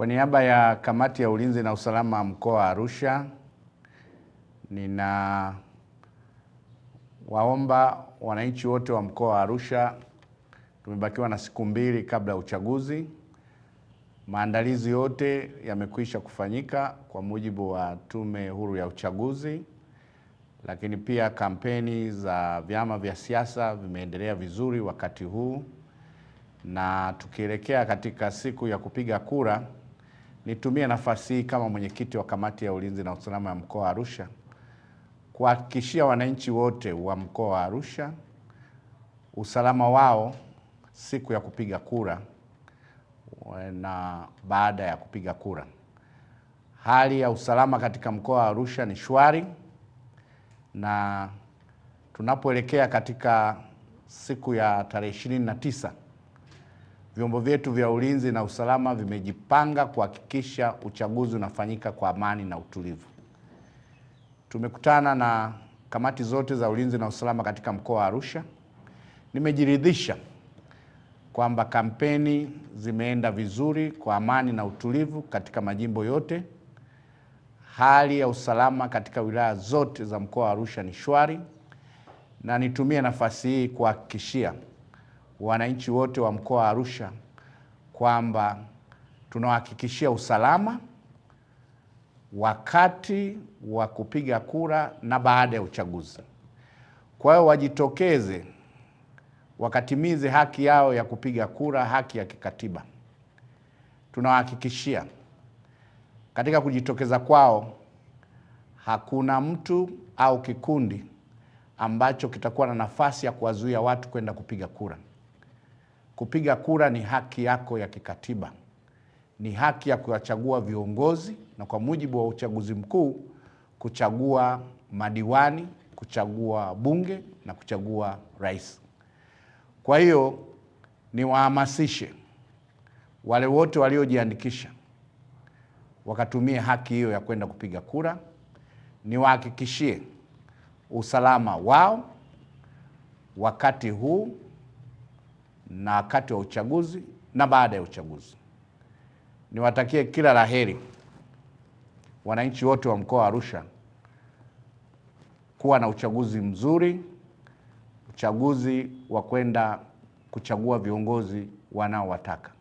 Kwa niaba ya kamati ya ulinzi na usalama mkoa wa Arusha, ninawaomba wananchi wote wa mkoa wa Arusha, tumebakiwa na siku mbili kabla ya uchaguzi. Maandalizi yote yamekwisha kufanyika kwa mujibu wa Tume Huru ya Uchaguzi, lakini pia kampeni za vyama vya siasa vimeendelea vizuri wakati huu, na tukielekea katika siku ya kupiga kura Nitumie nafasi hii kama mwenyekiti wa kamati ya ulinzi na usalama ya mkoa wa Arusha kuhakikishia wananchi wote wa mkoa wa Arusha usalama wao siku ya kupiga kura na baada ya kupiga kura. Hali ya usalama katika mkoa wa Arusha ni shwari, na tunapoelekea katika siku ya tarehe ishirini na tisa vyombo vyetu vya ulinzi na usalama vimejipanga kuhakikisha uchaguzi unafanyika kwa amani na utulivu. Tumekutana na kamati zote za ulinzi na usalama katika mkoa wa Arusha. Nimejiridhisha kwamba kampeni zimeenda vizuri kwa amani na utulivu katika majimbo yote. Hali ya usalama katika wilaya zote za mkoa wa Arusha ni shwari, na nitumie nafasi hii kuhakikishia wananchi wote wa mkoa wa Arusha kwamba tunawahakikishia usalama wakati wa kupiga kura na baada ya uchaguzi. Kwa hiyo wajitokeze wakatimize haki yao ya kupiga kura, haki ya kikatiba. Tunawahakikishia katika kujitokeza kwao hakuna mtu au kikundi ambacho kitakuwa na nafasi ya kuwazuia watu kwenda kupiga kura. Kupiga kura ni haki yako ya kikatiba, ni haki ya kuwachagua viongozi, na kwa mujibu wa uchaguzi mkuu kuchagua madiwani, kuchagua bunge na kuchagua rais. Kwa hiyo niwahamasishe wale wote waliojiandikisha wakatumie haki hiyo ya kwenda kupiga kura. Niwahakikishie usalama wao wakati huu na wakati wa uchaguzi na baada ya uchaguzi. Niwatakie kila la heri wananchi wote wa mkoa wa Arusha kuwa na uchaguzi mzuri, uchaguzi wa kwenda kuchagua viongozi wanaowataka.